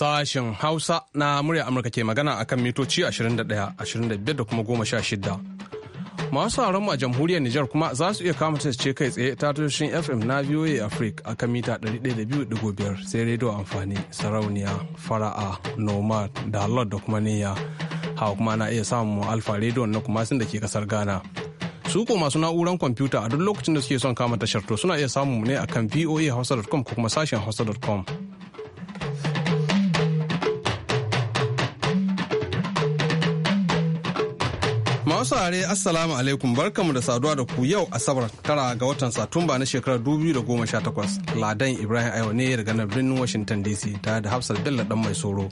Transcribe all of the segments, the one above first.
sashen Hausa na murya Amurka ke magana akan mitoci 21, 25 da kuma 16. Masu sauran a jamhuriyar Nijar kuma za su iya kama ce kai tsaye ta tashoshin FM na VOA Africa a kan mita 102.5 sai rediyo amfani sarauniya fara'a nomad da lord da kuma niyya hawa kuma na iya samun alfa rediyo na kuma sun da ke kasar Ghana. su ko masu na'uran kwamfuta a duk lokacin da suke son kama tashar to suna iya samun mu ne akan voahausa.com ko kuma sashen hausa.com. Masu are Assalamu alaikum barkamu da saduwa da ku yau Asabar tara ga watan Satumba na shekarar 2018. Ladan Ibrahim Ayo ne daga nan birnin Washington DC ta da Hafsat Bello dan mai soro.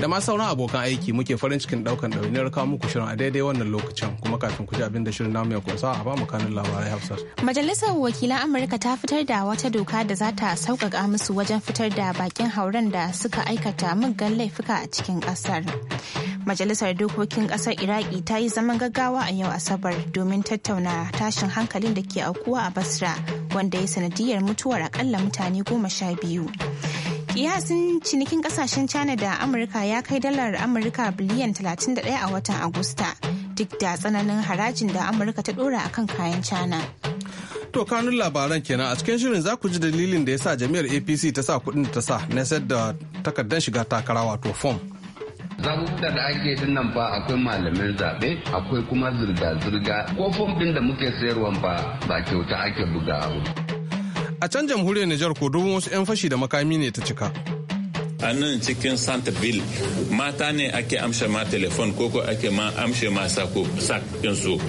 Da ma sauran abokan aiki muke farin cikin daukan dauniyar kawo muku shirin a daidai wannan lokacin kuma kafin ku ji abin da shirin namu ya kusa a ba mu kanun labarai hafsar Majalisar wakilan Amurka ta fitar da wata doka da za ta sauƙaƙa musu wajen fitar da bakin hauren da suka aikata muggan laifuka a cikin ƙasar. Majalisar Dokokin Ƙasar Iraki ta yi zaman gaggawa a yau Asabar domin tattauna tashin hankalin da ke aukuwa a Basra wanda ya sanadiyar mutuwar akalla mutane goma sha biyu. Kiyasin cinikin kasashen China da Amurka ya kai dalar Amurka biliyan 31 a watan Agusta duk da tsananin harajin da Amurka ta dora kan kayan China. To kanun labaran kenan a cikin shirin za ku ji dalilin da ya sa jami'ar APC ta sa kuɗin da ta sa na sayar da takardar shiga takara wato fom. zaɓuɓɓuka da ake nan fa akwai malamin zaɓe akwai kuma zirga-zirga ko fom ɗin da muke sayarwa fa ba kyauta ake buga abu. a can jamhuriyar Nijar ko dubin wasu 'yan fashi da makami ne ta cika. a nan cikin santa bill mata ne ake amshe ma telefon ko ake ma amshe ma sako su.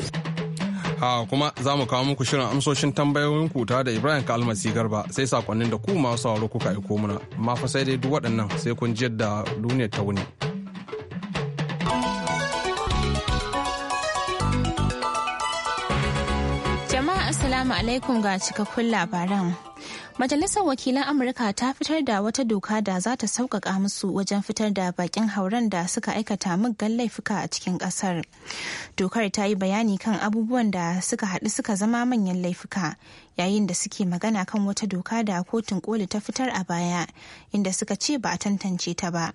ha kuma za mu kawo muku shirin amsoshin tambayoyin kuta da ibrahim kalmasi garba sai sakonnin da ku masu sauraro kuka aiko muna amma fa sai dai duk waɗannan sai kun ji yadda duniyar ta wuni. Assalamu alaikum ga cikakkun labaran. Majalisar Wakilan Amurka ta fitar da wata doka da za ta sauƙaƙa musu wajen fitar da bakin hauren da suka aikata muggan laifuka a cikin ƙasar. Dokar ta yi bayani kan abubuwan da suka haɗu suka zama manyan laifuka yayin da suke magana kan wata doka da kotun koli ta fitar a baya inda suka ce ba a tantance ta ba.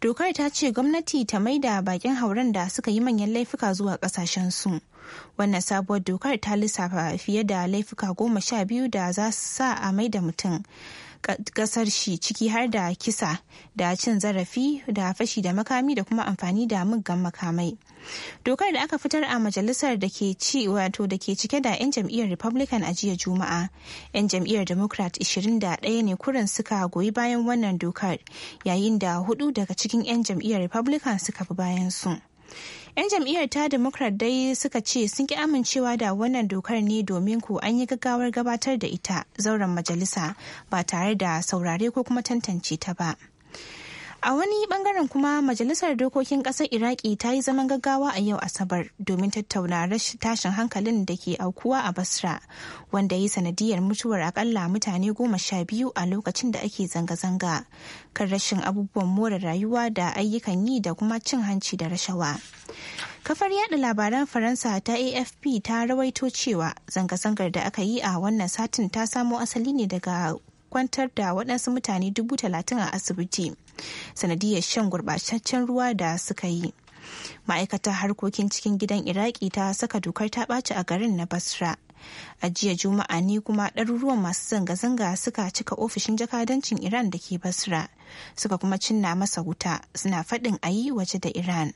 Dokar ta ce gwamnati ta maida bakin hauren da suka yi manyan laifuka zuwa ƙasashensu. su. Wannan sabuwar dokar ta lissafa fiye da laifuka goma sha biyu da za su sa a mai da mutum. kasar shi ciki har da kisa da cin zarafi da fashi da makami da kuma amfani da muggan makamai dokar da aka fitar a majalisar da ke ci wato da ke cike da 'yan jam'iyyar republican a jiya juma'a 'yan jam'iyyar democrat 21 ne kurin suka goyi bayan wannan dokar yayin da hudu daga cikin 'yan jam'iyyar republican suka fi bayan su 'Yan jam'iyyar ta Democrat dai suka ce sun ki amincewa da wannan dokar ne domin ku an yi gaggawar gabatar da ita zauren majalisa ba tare da saurare ko kuma tantance ta ba. A wani bangaren kuma Majalisar Dokokin Ƙasar Iraki ta yi zaman gaggawa a yau Asabar domin tattauna tashin hankalin da ke aukuwa a Basra, wanda ya yi sanadiyar mutuwar akalla mutane goma sha biyu a lokacin da ake zanga-zanga kan rashin abubuwan more rayuwa da ayyukan yi da kuma cin hanci da rashawa. Kafar yada labaran Faransa ta AFP ta rawaito cewa zanga-zangar da aka yi a wannan satin ta samo asali ne daga kwantar da waɗansu mutane dubu talatin a asibiti sanadiyar shan gurɓataccen ruwa da suka yi ma'aikatar harkokin cikin gidan iraki ta saka dokar ta ɓaci a garin na basra a jiya juma'a ne kuma ɗaruruwan masu zanga-zanga suka cika ofishin jakadancin iran da ke basra suka kuma cinna masa wuta suna faɗin ayi waje da iran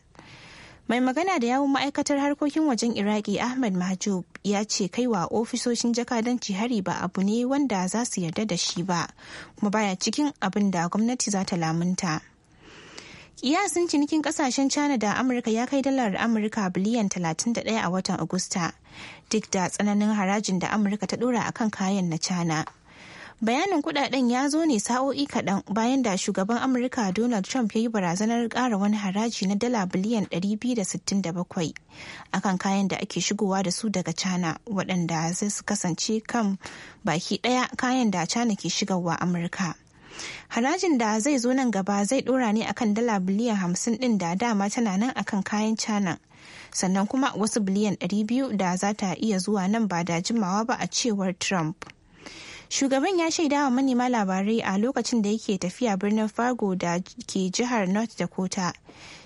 mai magana da yawun ma'aikatar harkokin wajen iraki ahmed mahjub ya ce kaiwa ofisoshin jakadanci hari ba abu ne wanda za su yarda da shi ba kuma baya cikin abin da gwamnati za ta lamunta kiyasin cinikin kasashen china da amurka ya kai dalar amurka biliyan 31 a watan agusta duk da tsananin harajin da amurka ta dora akan kayan na china bayanin kudaden ya zo ne sa'o'i kaɗan bayan da shugaban amurka donald trump ya yi barazanar ƙara wani haraji na dala biliyan 267 akan kayan da ake shigowa da su daga china waɗanda zai su kasance kan baki ɗaya kayan da china ke shigarwa amurka harajin da zai zo nan gaba zai ɗora ne akan dala biliyan 50 ɗin da dama tana nan akan kayan china sannan kuma wasu biliyan 200 da za ta iya zuwa nan ba da jimawa ba a cewar trump Shugaban ya shaida wa manema labarai a lokacin da yake tafiya birnin Fargo da ke jihar North Dakota.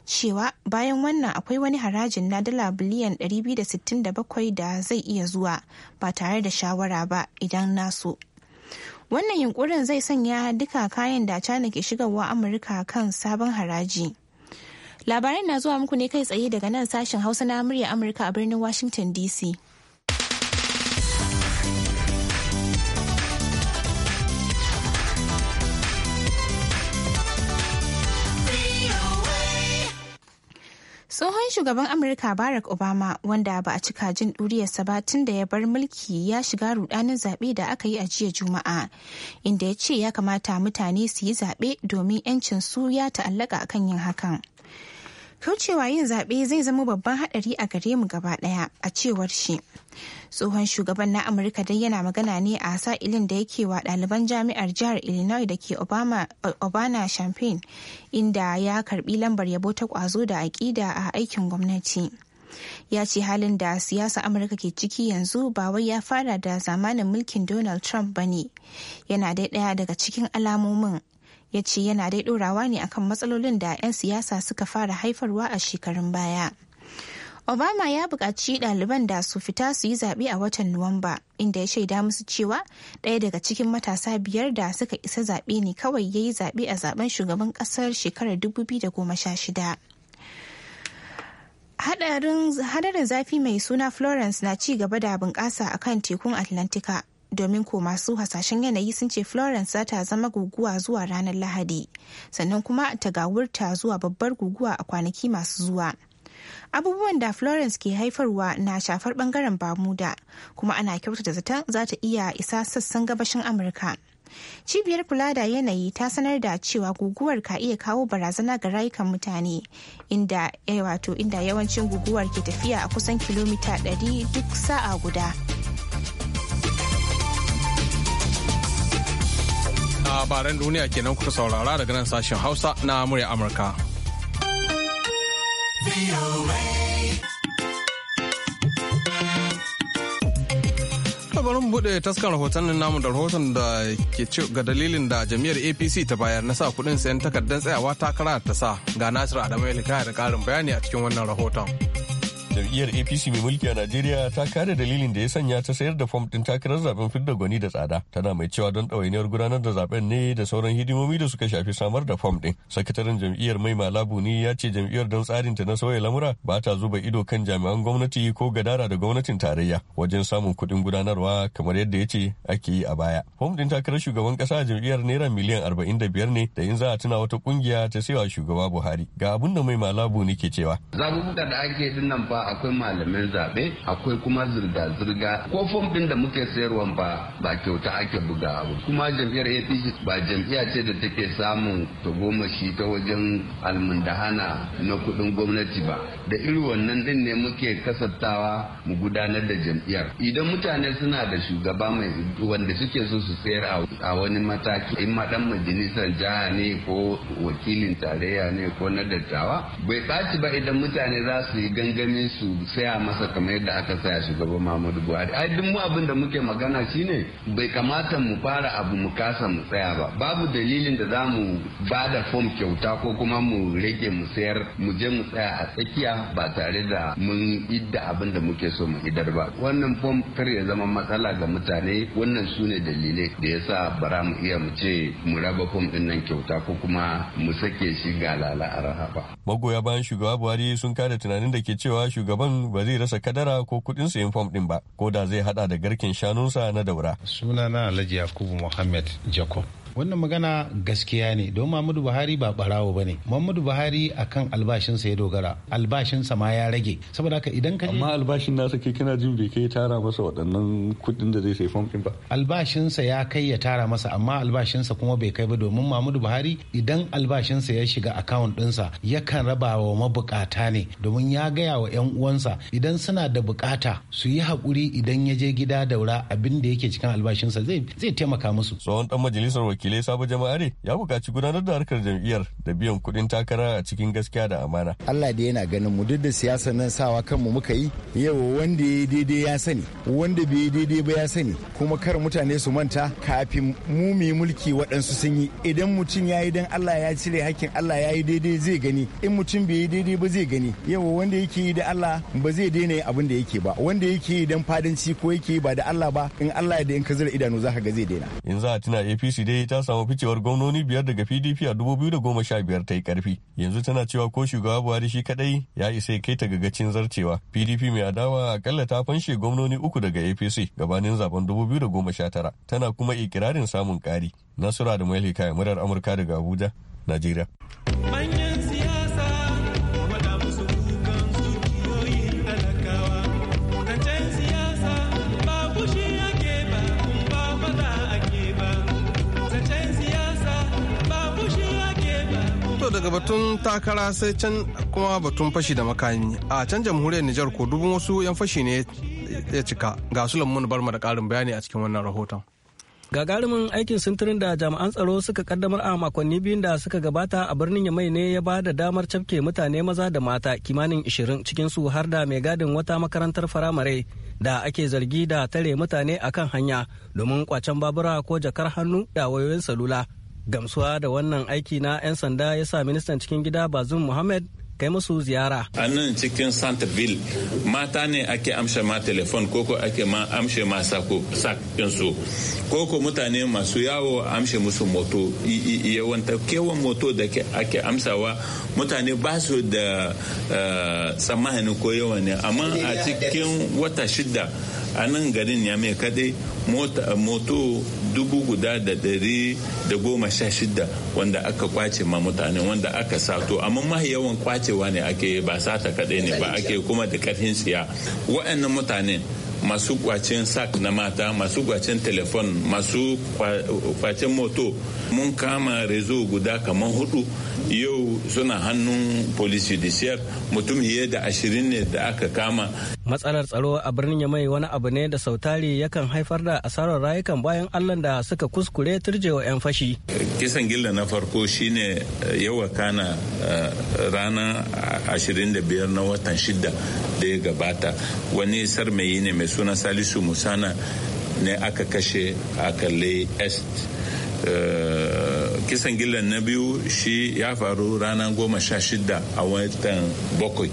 cewa bayan wannan akwai wani harajin na dala biliyan 267 da zai iya zuwa ba tare da shawara ba idan naso. Wannan yunkurin zai sanya duka kayan da China ke shigarwa Amurka kan sabon haraji. Labarin na zuwa muku ne kai tsaye daga nan sashen Hausa na murya Amurka a birnin Washington DC. Tsohon shugaban Amurka Barack Obama wanda ba a cika jin ɗuriyarsa ba tun da ya bar mulki ya shiga rudanin zaɓe da aka yi a jiya Juma'a, inda ya ce ya kamata mutane su yi zaɓe domin 'yancin su ya ta'allaka kan yin hakan. Kaucewa yin zaɓe zai zama babban haɗari a gare mu gaba ɗaya a cewar shi. Tsohon shugaban na Amurka dai yana magana ne a sa ilin da yake wa ɗaliban jami'ar jihar Illinois da ke obana Champaign inda ya karbi lambar yabo ta ƙwazo da aƙida a aikin gwamnati. ya ce halin da siyasa amurka ke ciki yanzu ba wai ya fara da zamanin mulkin donald trump ba ne yana dai daya daga cikin alamomin ya ce yana dai ɗorawa ne akan matsalolin da 'yan siyasa suka fara haifarwa a shekarun baya. Obama ya buƙaci ɗaliban da su fita su yi zaɓe a watan Nuwamba, inda ya shaida musu cewa ɗaya daga cikin matasa biyar da suka isa zaɓe ne kawai ya yi zaɓe a zaben shugaban ƙasar shekarar 2016. Hadarin zafi mai suna Florence na ci gaba da bunƙasa a kan tekun Atlantika domin ko masu hasashen yanayi sun ce florence za ta zama guguwa zuwa ranar lahadi sannan kuma ta gawurta zuwa babbar guguwa a kwanaki masu zuwa abubuwan da florence ke haifarwa na shafar bangaren bamuda kuma ana kyautata zaton za ta iya isa sassan gabashin amurka cibiyar kula da yanayi ta sanar da cewa guguwar ka iya kawo barazana ga rayukan mutane inda eh, inda yawancin guguwar ke tafiya a kusan kilomita 100 duk sa'a guda. labaran duniya kenan kuka saurara daga nan sashen hausa na murya amurka bari buɗe bude taskar rahotannin namu da rahoton da ke ci ga dalilin da jami'ar apc ta bayar na sa kudin sayan takardar tsayawa takara ta sa ga nasir adamu ya da karin bayani a cikin wannan rahoton jam'iyyar apc mai mulki a najeriya ta kare dalilin da ya sanya ta sayar da fom din takarar zaben fidda gwani da tsada tana mai cewa don ɗawainiyar gudanar da zaben ne da sauran hidimomi da suka shafi samar da fom din sakataren jam'iyyar mai malabu ne ya ce jam'iyyar don tsarin ta na sauya lamura ba ta zuba ido kan jami'an gwamnati ko gadara da gwamnatin tarayya wajen samun kuɗin gudanarwa kamar yadda ya ce ake yi a baya fom din takarar shugaban ƙasa jam'iyyar naira miliyan arba'in da biyar ne da in za a tuna wata ƙungiya ta sayawa shugaba buhari ga abin da mai malabu ne ke cewa zaɓuɓɓukan da ake ba akwai malamin zaɓe akwai kuma zirga-zirga ko fom ɗin da muke sayarwa ba ba kyauta ake buga kuma jam'iyyar apc ba jam'iyya ce da take samun tagomashi ta wajen almundahana na kuɗin gwamnati ba da irin wannan ɗin ne muke kasattawa mu gudanar da jam'iyyar idan mutane suna da shugaba mai wanda suke so su sayar a wani mataki in ma dan majalisar jiha ne ko wakilin tarayya ne ko na dattawa bai ɓaci ba idan mutane za su yi gangamin su saya masa kamar yadda aka saya shugaban Muhammadu Buhari ai duk mu abin da muke magana shine bai kamata mu fara abu mu kasa mu tsaya ba babu dalilin da za mu ba da fom kyauta ko kuma mu rage mu sayar mu je mu tsaya a tsakiya ba tare da mun idda abin da muke so mu idar ba wannan fom kar ya zama matsala ga mutane wannan sune dalilai da yasa bara mu iya mu ce mu raba fom din nan kyauta ko kuma mu sake shi ga lala a ba magoya bayan shugaba Buhari sun kada tunanin da ke cewa shugaban ba zai rasa kadara ko kuɗin sayan fam ɗin ba ko da zai hada da garken shanunsa na daura sunana alhaji yakubu muhammad jacob wannan magana gaskiya ne don Muhammadu Buhari ba barawo bane Muhammadu Buhari akan albashinsa ya dogara albashinsa ma ya rage saboda haka idan ka amma albashin nasa ke kana jin bai kai tara masa waɗannan kuɗin da zai sai famfin ba albashinsa ya kai ya tara masa amma albashinsa kuma bai kai ba domin Muhammadu Buhari idan albashinsa ya shiga akawun ɗinsa yakan raba wa mabukata ne domin ya gaya wa 'yan uwansa idan suna da bukata su yi haƙuri idan ya je gida daura abin da yake cikin albashinsa zai taimaka musu tsohon dan majalisar wakil wakilai sabo jama'are ya buƙaci gudanar da harkar jam'iyyar da biyan kuɗin takara a cikin gaskiya da amana allah da yana ganin mu duk da siyasar nan sawa kanmu muka yi yau wanda ya daidai ya sani wanda bai yi daidai ba ya sani kuma kar mutane su manta kafin mu mu mulki waɗansu sun yi idan mutum ya yi dan allah ya cire hakkin allah ya yi daidai zai gani in mutum bai yi daidai ba zai gani yau wanda yake yi da allah ba zai daina abin da yake ba wanda yake yi dan fadanci ko yake yi ba da allah ba in allah da in ka zira idanu za ka ga zai daina in za a tuna apc dai ta samu ficewar gwamnoni biyar daga PDP a dubu sha biyar ta yi karfi. Yanzu tana cewa ko shugaba Buhari shi kadai ya isa ya kai ta gagacin zarcewa. PDP mai adawa akalla ta fanshe gwamnoni uku daga APC gabanin zaben tara tana kuma ikirarin samun kari Nasura da Mailika murar Amurka daga Abuja, Najeriya. batun takara sai can kuma batun fashi da makami a can jamhuriyar nijar ko dubin wasu 'yan fashi ne ya cika ga su lamun barma da karin bayani a cikin wannan rahoton gagarumin aikin sintirin da jami'an tsaro suka kaddamar a makonni biyun da suka gabata a birnin yamai ne ya ba da damar cafke mutane maza da mata kimanin 20 cikinsu har da mai gadin wata makarantar firamare da ake zargi da tare mutane akan hanya domin kwacen babura ko jakar hannu da wayoyin salula gamsuwa da wannan aiki na 'yan sanda ya sa ministan cikin gida bazum muhammad kai musu ziyara. A nan cikin Santville mata ne ake amshe ma telefon koko ake ma amshe ma sako koko mutane masu yawo amshe musu moto yawanta kewan moto da ake amsawa mutane ba su da eh, tsammanin ko yawa ne amma a cikin wata shida a nan garin ya mai kaɗai moto dubu guda da dari da goma sha shida wanda aka kwace ma mutane wanda aka sato amma mahi yawan kwacewa ne ake ba sata kaɗai ne ba ake kuma da karfin siya wa'annan mutane masu kwacen sak na mata masu kwacen telefon masu kwacen moto mun kama rezo guda kamar hudu yau suna hannun police siyar mutum fiye da ashirin ne da aka kama. Matsalar tsaro a birnin mai wani abu ne da sautari yakan haifar da asarar rayukan bayan Allah da suka kuskure turjewa 'yan fashi. Kisan gilla na farko shine eh, yawa kana eh, ranar 25 na watan shida da ya gabata wani sarmayi ne mai suna Salisu Musana ne aka kashe a kalle Est Eh, kisan gillan na biyu shi ya faru ranar goma sha shida a watan bakwai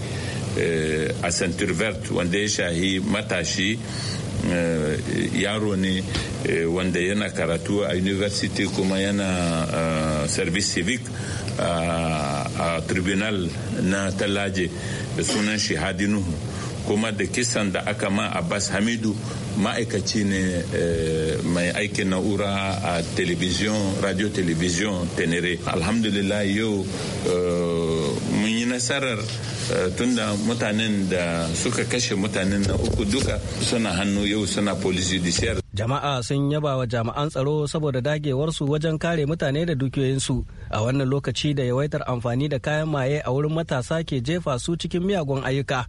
eh, a centurvert wanda ya shahi matashi eh, yaro ne wanda yana karatu a university kuma yana service civic a tribunal na talaje da sunan shi nuhu kuma da kisan da aka ma abbas hamidu ma'aikaci ne eh, mai aikin na'ura a television radio television tenere alhamdulillah yau eh, mun yi nasarar eh, tunda mutanen da suka kashe mutanen na uku duka suna hannu yau suna polisi judiciaire jama'a sun yaba wa jami'an tsaro saboda dagewarsu wajen kare mutane da dukiyoyinsu a wannan lokaci da yawaitar amfani da kayan maye a wurin matasa ke jefa su cikin miyagun ayyuka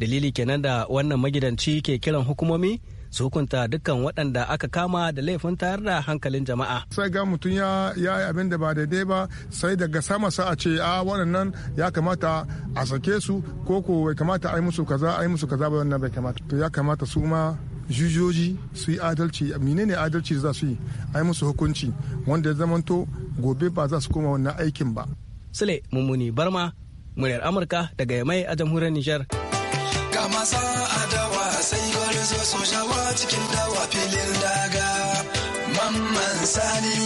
dalili kenan da wannan magidanci ke kiran hukumomi su hukunta dukkan waɗanda aka kama da laifin tayar da hankalin jama'a sai ga mutum ya yi abin da ba daidai ba sai daga sama sa a ce a waɗannan ya kamata a sake su ko ko bai kamata a yi musu kaza a yi musu kaza ba wannan bai kamata to ya kamata su ma jujoji su yi adalci menene adalci za su yi a yi musu hukunci wanda ya zamanto gobe ba za su koma wannan aikin ba sule mummuni barma muryar amurka daga yamai a jamhuriyar nijar ga masa adawa sai gwarzo sun shawa cikin dawa filin daga mamman sani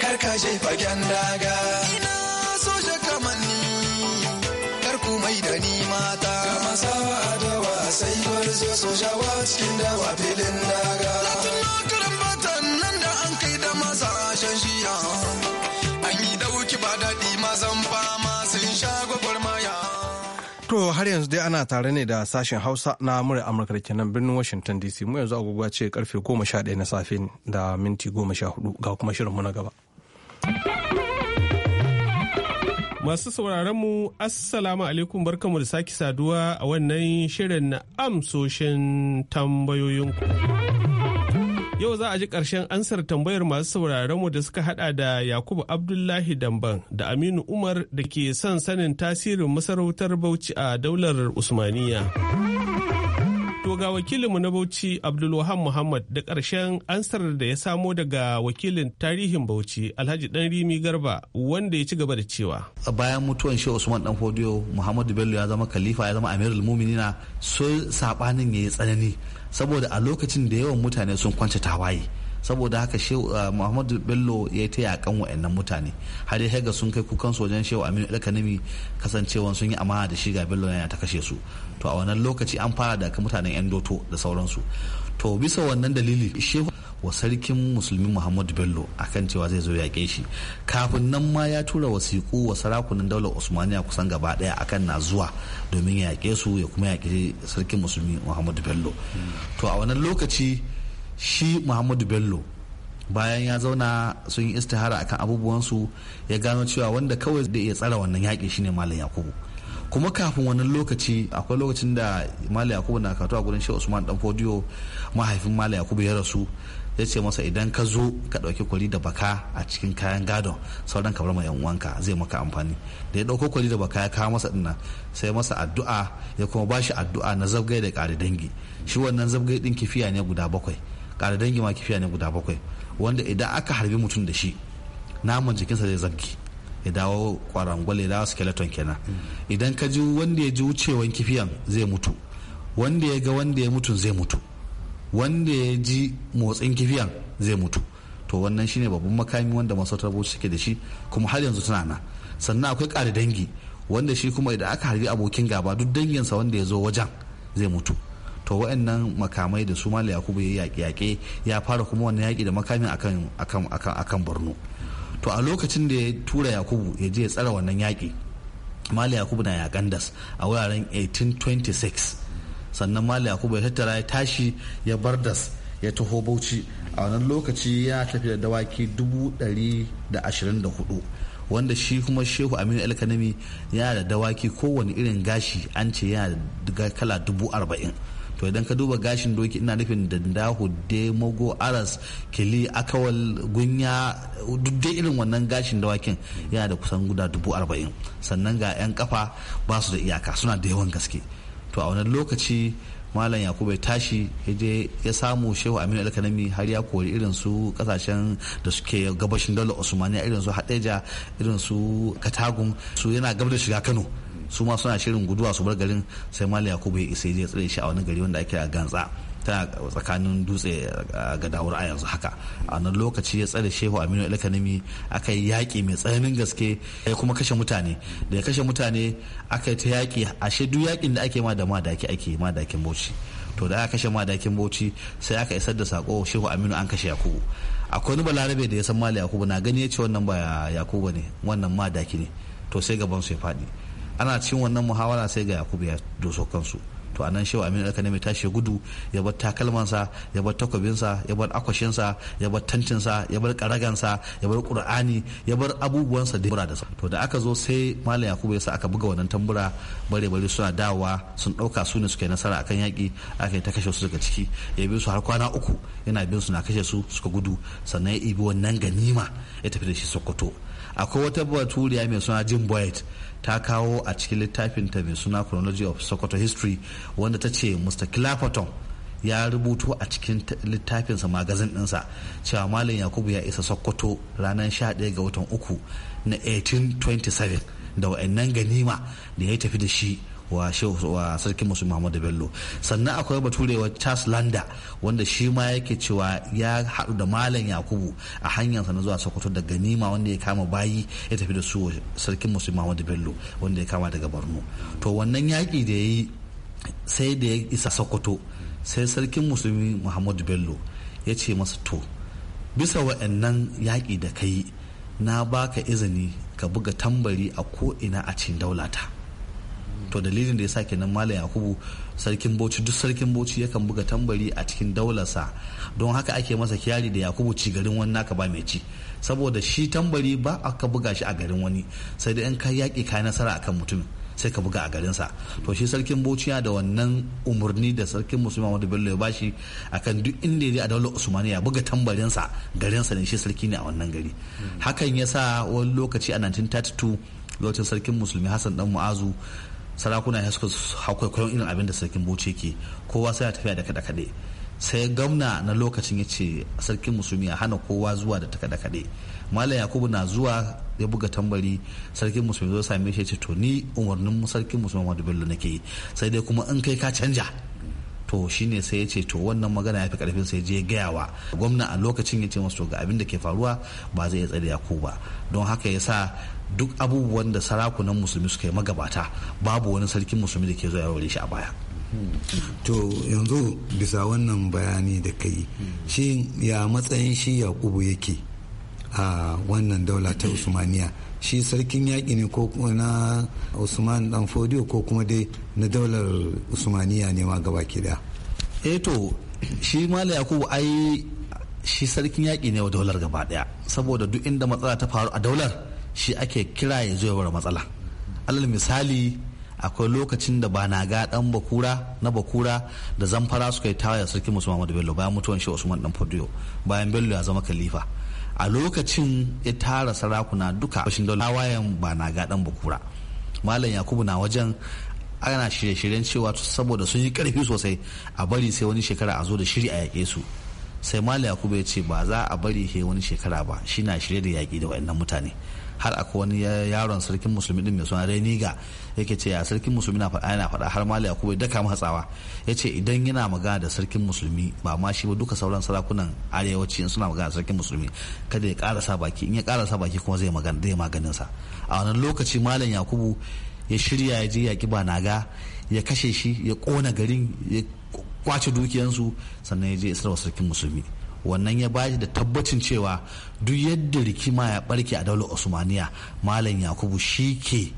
karka fagen daga cikin filin daga da da shiya daɗi mazan fama sun sha To har yanzu dai ana tare ne da sashen Hausa na murya Amurka da kenan birnin Washington DC mu yanzu agogo ce karfe 11 na safe da minti 14 ga kuma shirinmu na gaba. Masu sauraronmu, Assalamu alaikum barkamu da sake saduwa a wannan shirin na amsoshin tambayoyinku. Yau za a ji ƙarshen ansar tambayar masu sauraronmu da suka hada da Yakubu Abdullahi Damban da Aminu Umar da ke son sanin tasirin masarautar Bauchi a daular Usmaniya. ga wakilinmu na Bauchi Abdulwahab Muhammad da karshen ansar da ya samo daga wakilin tarihin Bauchi Alhaji rimi Garba wanda ya ci gaba da cewa. A bayan mutuwan Shehu Usman Dan Fodiyo Muhammadu Bello ya zama khalifa ya zama Amirul Muminina so sabanin ya yi tsanani saboda a lokacin da yawan mutane sun kwance tawaye. saboda haka shehu uh, muhammadu bello ya ta yakan wa'annan mutane har ya ga sun kai kukan sojan shehu aminu alkanami kasancewan sun yi amana da shi ga bello yana ta kashe su to a wannan lokaci an fara da mutanen yan doto da sauransu to bisa wannan dalili shehu wa sarkin musulmi muhammadu bello akan cewa zai zo yaƙe shi kafin nan ma ya tura wasiƙu wa sarakunan daular usmaniya kusan gaba ɗaya akan na zuwa domin ya yaƙe su ya kuma yaƙe sarkin musulmi muhammadu bello to a wannan lokaci shi muhammadu bello bayan ya zauna sun yi istihara akan abubuwansu ya gano cewa wanda kawai da iya tsara wannan yaƙi shine malam yakubu kuma kafin wannan lokaci akwai lokacin da malam yakubu na katu a gurin shi usman dan fodiyo mahaifin malam yakubu ya rasu ya ce masa idan ka zo ka ɗauki kwali da baka a cikin kayan gadon sauran ka bar ma yan uwanka zai maka amfani da ya ɗauko kwali da baka ya kawo masa dinnan sai masa addu'a ya kuma bashi addu'a na zabgai da ƙari dangi shi wannan zabgai ɗin kifiya ne guda bakwai kada dangi ma kifiya ne guda bakwai wanda idan aka harbi mutum da shi naman jikinsa zai zagi ya dawo kwarangwal ya dawo skeleton kenan idan ka ji wanda ya ji wucewan kifiyan zai mutu wanda ya ga wanda ya mutu zai mutu wanda ya ji motsin kifiyan zai mutu to wannan shine babban makami wanda masu tarboci suke da shi kuma har yanzu tana nan sannan akwai kare dangi wanda shi kuma idan aka harbi abokin gaba duk danginsa wanda ya zo wajen zai mutu to wa'annan makamai da su malam yakubu ya yaƙe-yaƙe ya fara kuma wannan yaƙi da makamin akan akan borno to a lokacin da ya tura yakubu ya je ya tsara wannan yaƙi mali yakubu na yaƙan das a wuraren 1826 sannan mali yakubu ya tattara ya tashi ya bar das ya taho bauchi a wannan lokaci ya tafi da dawaki 124 wanda shi kuma shehu aminu alkanami yana da dawaki kowane irin gashi an ce yana da kala dubu arba'in to idan ka duba gashin doki ina nufin dandahu mago aras kili akawal gunya duk dai irin wannan gashin dawakin yana da kusan guda dubu arba'in sannan ga 'yan kafa ba su da iyaka suna da yawan gaske to a wannan lokaci malam yakubu ya tashi je ya samu shehu aminu alkanami har ya kori irin su kasashen da suke gabashin dala osmaniya irin su hadeja irin su katagun su yana gab da shiga kano su ma suna shirin guduwa su bar garin sai mali yakubu ya isa ya tsare shi a wani gari wanda ake a gantsa ta tsakanin dutse ga dawur a yanzu haka a nan lokaci ya tsare shehu aminu alkanami aka yi yaƙi mai tsananin gaske ya kuma kashe mutane da ya kashe mutane aka yi ta yaƙi a shaidu yaƙin da ake ma da madaki ake ma bauchi to da aka kashe madakin bauchi sai aka isar da sako shehu aminu an kashe yakubu akwai wani balarabe da ya san mali yakubu na gani ya ce wannan ba yakubu ne wannan madaki ne to sai gaban su ya faɗi ana cin wannan muhawara sai ga yakubu ya doso kansu to anan shehu aminu mai tashi gudu ya bar takalmansa ya bar takwabinsa ya bar akwashinsa ya bar tantinsa ya bar karagansa ya bar qur'ani ya bar abubuwansa da bura da sa to da aka zo sai malam yakubu ya sa aka buga wannan tambura bare bare suna dawowa sun dauka su ne suka nasara akan yaki aka yi ta kashe su daga ciki ya bi su har kwana uku yana bin su na kashe su suka gudu sannan ya ibi wannan ganima ya tafi da shi sokoto akwai wata baturiya mai suna jim boyd ta kawo a cikin littafin ta mai suna chronology of sokoto history wanda ta ce mr clapperton ya rubuto a cikin littafinsa magazin ɗinsa cewa malam yakubu ya isa sokoto ranar 11 ga watan uku na 1827 da wa'annan ganima da ya tafi da shi wa sarkin musu muhammadu bello sannan akwai baturewa charles landa wanda shi ma yake cewa ya haɗu da malam yakubu a hanyarsa na zuwa sokoto da ganima wanda ya kama bayi ya tafi da su sarkin musu muhammadu bello wanda ya kama daga borno to wannan yaƙi da ya yi sai da ya isa sokoto sai sarkin musulmi muhammadu bello ya ce masa to bisa wa'annan yaƙi da ka yi na baka izini ka buga tambari a ko ina a cikin daulata to dalilin da ya sa kenan malam yakubu sarkin bauchi duk sarkin bauchi yakan buga tambari a cikin daularsa don haka ake masa kyari da yakubu ci garin wani naka ba mai ci saboda shi tambari ba aka buga shi a garin wani sai da in ka yaƙi ka nasara akan mutum sai ka buga a garinsa to shi sarkin ya da wannan umarni da sarkin musulma wanda bello ya bashi akan duk inda ya je a daular usmaniya buga tambarinsa garinsa ne shi sarki ne a wannan gari hakan ya sa wani lokaci a 1932 lokacin sarkin musulmi hassan dan mu'azu sarakuna ya suka kwayon irin abin da sarkin bauchi ke kowa sai ya tafiya da kaɗe kaɗe sai gamna na lokacin ya ce sarkin musulmi a hana kowa zuwa da kaɗe kaɗe malam yakubu na zuwa ya buga tambari sarkin musulmi zai same shi ya ce to ni umarnin sarkin musulmi wanda bello nake sai dai kuma in kai ka canja to shine sai ya ce to wannan magana ya fi karfin sai je gaya wa gwamna a lokacin ya ce masu to ga abin da ke faruwa ba zai tsare ko ba don haka ya sa duk abubuwan da sarakunan musulmi suka yi magabata babu wani sarkin musulmi da ke zuwa yawon shi a baya to yanzu bisa wannan bayani da kai shi ya matsayin shi yakubu yake a wannan daula ta usmaniya shi sarkin yaƙi ne ko na usman dan fodiyo ko kuma dai na daular usmaniya ne ma gaba da eh to shi ya yakubu ai shi sarkin yaƙi ne wa daular gaba daya saboda duk inda matsala ta faru a daular shi ake kira ya zo yawar matsala alal misali akwai lokacin da ba na ga dan bakura na bakura da zamfara suka yi tawaya sarkin musulman Muhammadu Bello bayan mutuwan shi Usman dan Fodiyo bayan Bello ya zama khalifa a lokacin ya tara sarakuna duka bashin dole wayan ba na ga bukura malam yakubu na wajen ana shirye-shiryen cewa saboda sun yi karfi sosai a bari sai wani shekara a zo da shiri a yaƙe su sai malam yakubu ya ce ba za a bari sai wani shekara ba shi na shirye da yaƙi da wayannan mutane har akwai wani yaron sarkin musulmi din mai suna reniga yake ce a sarkin musulmi na faɗa yana faɗa har mali yakubu daka matsawa ya ce idan yana magana da sarkin musulmi ba ma shi ba duka sauran sarakunan arewaci in suna magana da sarkin musulmi kada ya karasa baki in ya karasa baki kuma zai magana zai maganin sa a wannan lokaci malam yakubu ya shirya ya je ya ba naga ya kashe shi ya ƙona garin ya kwace dukiyansu sannan ya je wa sarkin musulmi wannan ya bayar da tabbacin cewa duk yadda rikima ya barke a daular osmaniya malam yakubu shi ke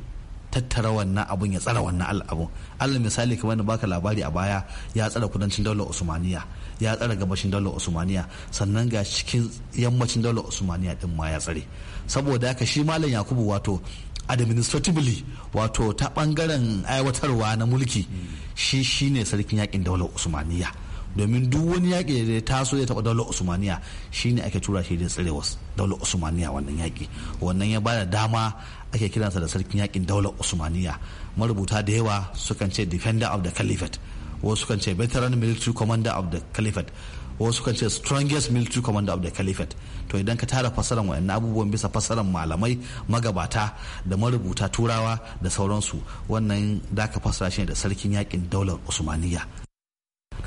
tattara wannan abun ya tsara wannan al'abun allah misali kamar da baka labari a baya ya tsara kudancin daular usmaniya ya tsara gabashin daular usmaniya sannan ga cikin yammacin daular usmaniya din ma ya tsare saboda haka shi malam yakubu wato administratively wato ta bangaren aiwatarwa na mulki shi shine sarkin yakin daular usmaniya domin duk wani yaƙi da ya taso ya taɓa daular usmaniya shine ake tura shi da tsirewas daular usmaniya wannan yaƙi wannan ya bada dama ake kiransa da sarkin yaƙin daular usmaniya marubuta da yawa sukan ce defender of the caliphate wasu sukan ce veteran military commander of the caliphate wasu sukan ce strongest military commander of the caliphate to idan ka tara fasaran waɗannan abubuwan bisa fasaran malamai magabata da marubuta turawa da sauransu wannan da ka fasara shi da sarkin yaƙin daular usmaniya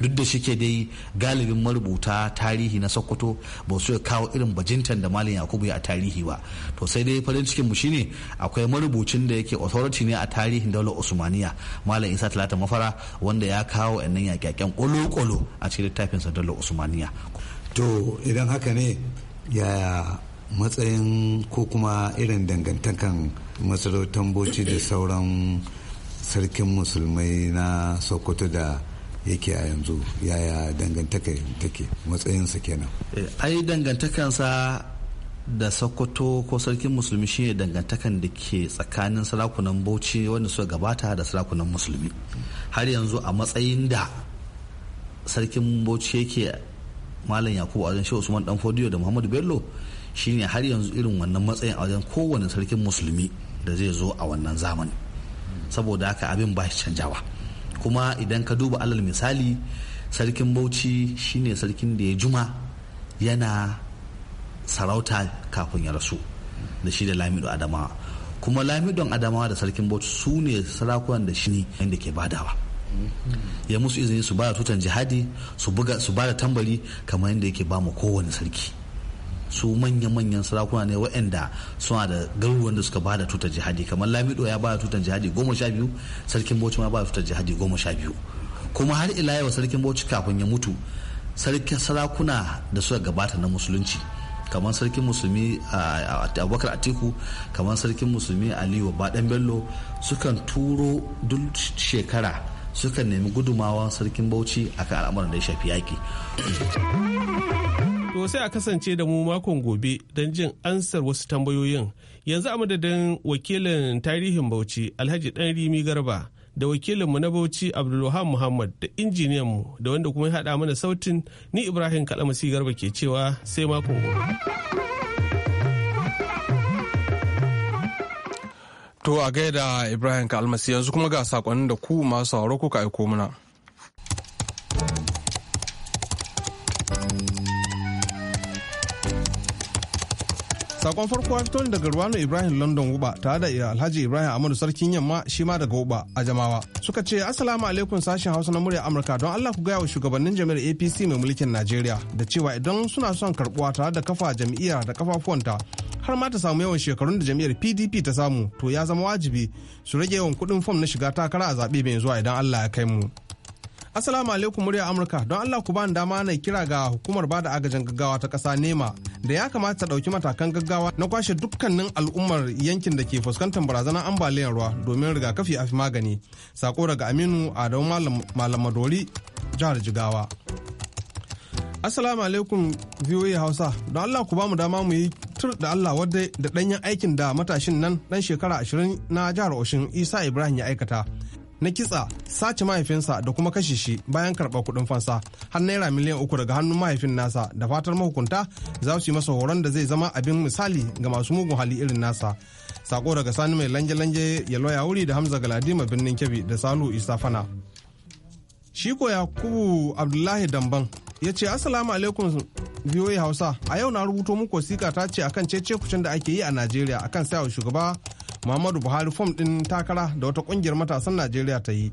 duk da shike dai galibin marubuta tarihi na sokoto ba su kawo irin bajintan da malam yakubu ya a tarihi ba to sai dai farin cikin mu shine akwai marubucin da yake authority ne a tarihin daular usmaniya malam isa talata mafara wanda ya kawo yannan yaƙyaƙen kolo-kolo a cikin littafinsa daular usmaniya to idan haka ne yaya matsayin ko kuma irin dangantakan masarautar boci da sauran sarkin musulmai na sokoto da yake a yanzu yaya dangantaka take matsayinsa kenan eh, ai dangantakansa da sokoto ko sarkin musulmi shine dangantakan da ke tsakanin sarakunan bauchi wanda suka gabata da sarakunan musulmi har yanzu a matsayin da sarkin bauchi yake malam yakubu a wajen shehu usman dan fodiyo da muhammadu bello shine har yanzu irin wannan matsayin a wajen kowane sarkin musulmi da zai zo a wannan zamani saboda haka abin ba shi canjawa kuma idan ka duba alal misali sarkin bauchi shine sarkin da ya juma yana sarauta kafin ya rasu da shi da lamido adamawa kuma lamidon adamawa da sarkin bauchi su ne sarakunan da shi ne inda ke badawa ya musu izini su bada tutan jihadi su ba da bada tambari kamar yadda yake ba mu kowane sarki su manya-manyan sarakuna ne waɗanda suna da garuruwan da suka bada tutar jihadi kamar lamido ya bada tutar jihadi goma sha biyu sarkin bauchi ma bada tutar jihadi goma sha biyu kuma har ila yau sarkin bauchi kafin ya mutu sarkin sarakuna da suka gabata na musulunci kamar sarkin musulmi abubakar atiku kamar sarkin musulmi aliyu baɗan bello sukan turo duk shekara sukan nemi gudumawa sarkin bauchi akan al'amuran da ya shafi yaƙi To sai a kasance da mu makon gobe don jin ansar wasu tambayoyin. Yanzu a madadin wakilin tarihin Bauchi Alhaji Dan Rimi Garba da wakilinmu na Bauchi Abdulluhan Muhammad da injiniyanmu da wanda kuma haɗa mana sautin ni Ibrahim Kalamasi Garba ke cewa sai makon gobe. To a gaida Ibrahim Kalmasi yanzu kuma ga saƙonin da ku masu sauraro kuka aiko mana. sakon farko fito daga ruwanu ibrahim london uba tare da alhaji ibrahim amadu sarkin yamma shi ma daga uba a jamawa suka ce assalamu alaikum sashen hausa na murya amurka don allah ku gaya wa shugabannin jami'ar apc mai mulkin najeriya da cewa idan suna son karbuwa tare da kafa jam'iyya da kafafuwan ta har ma ta samu yawan shekarun da jam'iyyar pdp ta samu to ya zama wajibi su rage yawan kuɗin fom na shiga takara a zaɓe mai zuwa idan allah ya kai mu. Assalamu alaikum murya Amurka don Allah ku bani dama na kira ga hukumar bada agajin gaggawa ta kasa nema da ya kamata ta dauki matakan gaggawa na kwashe dukkanin al'ummar yankin da ke fuskantar barazanar ambaliyar ruwa domin rigakafi a magani. Sako daga Aminu Adamu Malam Madori jihar Jigawa. Assalamu alaikum VOA Hausa don Allah ku bamu dama mu yi tur da Allah wadda da ɗanyen aikin da matashin nan ɗan shekara 20 na jihar Oshin Isa Ibrahim ya aikata. na kitsa sace mahaifinsa da kuma kashe shi bayan karɓar kuɗin fansa har naira miliyan uku daga hannun mahaifin nasa da fatar mahukunta za su yi masa horon da zai zama abin misali ga masu mugun hali irin nasa sako daga sani mai lange-lange ya loya wuri da hamza galadima birnin kebbi da salu isa fana shi ko yakubu abdullahi damban ya ce assalamu alaikum biyoyi hausa a yau na rubuto muku wasiƙa ta ce akan cece kucin da ake yi a najeriya akan sayawa shugaba muhammadu buhari fom ɗin takara da wata ƙungiyar matasan najeriya ta yi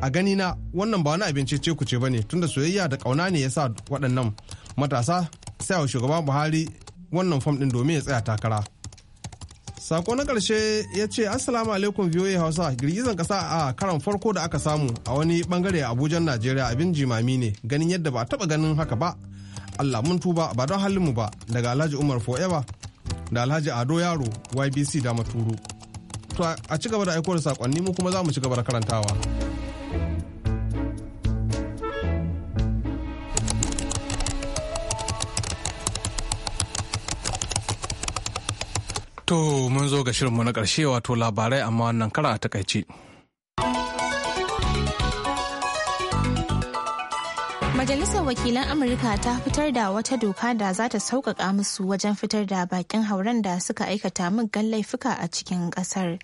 a gani na wannan ba wani abinci ce ku ce ba ne tunda soyayya da ƙauna ne ya sa waɗannan matasa sai wa shugaba buhari wannan fom ɗin domin ya tsaya takara sako na ƙarshe ya ce assalamu alaikum voa hausa girgizan ƙasa a karan farko da aka samu a wani ɓangare a abuja najeriya abin jimami ne ganin yadda ba taɓa ganin haka ba allah mun tuba ba don halinmu ba daga alhaji umar forever da alhaji ado yaro ybc da maturu to a ci gaba da aiko da sakonni mu kuma za mu ci gaba da karantawa To mun zo ga shirinmu na ƙarshe wato labarai amma wannan kara a takaice. Majalisar Wakilan Amurka ta fitar da wata doka da za ta sauƙaƙa musu wajen fitar da bakin hauren da suka aikata min muggan laifuka a cikin ƙasar.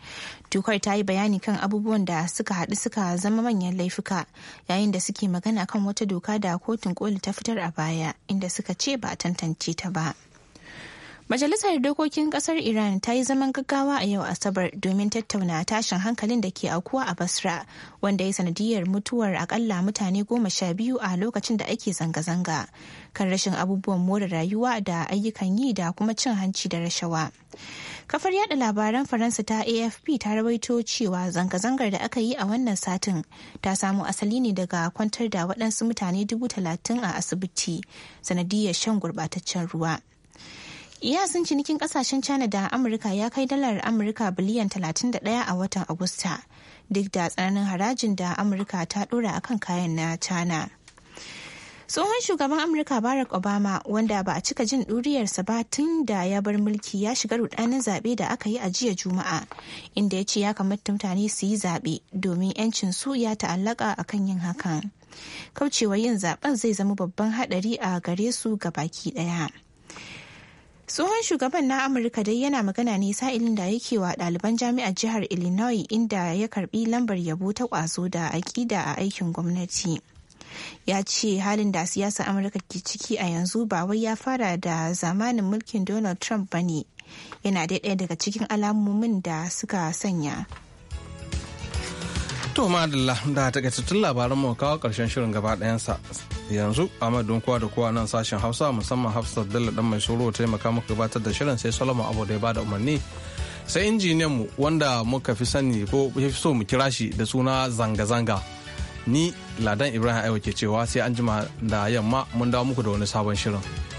Dokar ta yi bayani kan abubuwan da suka haɗu suka zama manyan laifuka yayin da suke magana kan wata doka da kotun koli ta fitar a baya inda suka ce ba tantance ta ba. Majalisar Dokokin Kasar Iran ta yi zaman gaggawa a yau Asabar domin tattauna tashin hankalin da ke aukuwa a Basra, wanda ya sanadiyar mutuwar akalla mutane goma sha biyu a lokacin da ake zanga-zanga kan rashin abubuwan more rayuwa da ayyukan yi da kuma cin hanci da rashawa. Kafar yada labaran Faransa ta AFP ta rawaito cewa zanga-zangar da aka yi a wannan satin ta samu asali ne daga kwantar da waɗansu mutane dubu talatin a asibiti sanadiyar shan gurbataccen ruwa. Iyasin cinikin kasashen China da Amurka ya kai dalar Amurka biliyan 31 a watan Agusta, duk da tsananin harajin da Amurka ta dora akan kayan na China. Tsohon shugaban Amurka Barack Obama wanda ba a cika jin ɗuriyarsa ba tun da ya bar mulki ya shiga rudanin zaɓe da aka yi a jiya Juma'a, inda ya ce ya kamata mutane su yi zaɓe domin 'yancin su ya ta'allaka akan yin hakan. Kaucewa yin zaɓen zai zama babban haɗari a gare su ga baki ɗaya. tsohon shugaban na amurka dai yana magana ne sa'ilin da yake wa ɗaliban jami'ar jihar illinois inda ya karbi lambar yabo ta kwazo da aƙida a aikin gwamnati ya ce halin da siyasa amurka ke ciki a yanzu ba wai ya fara da zamanin mulkin donald trump ba ne yana daidai daga cikin alamomin da suka sanya To madalla da takaitattun labaran mu kawo karshen shirin gaba ɗayansa yanzu Ahmad kowa da kowa nan sashen Hausa musamman Hafsat Bello dan mai soro taimaka muka gabatar da shirin sai Solomon Abu da ya bada umarni sai injiniyan mu wanda muka fi sani ko fi so mu kira shi da suna zanga-zanga ni Ladan Ibrahim Aiwa ke cewa sai an jima da yamma mun dawo muku da wani sabon shirin.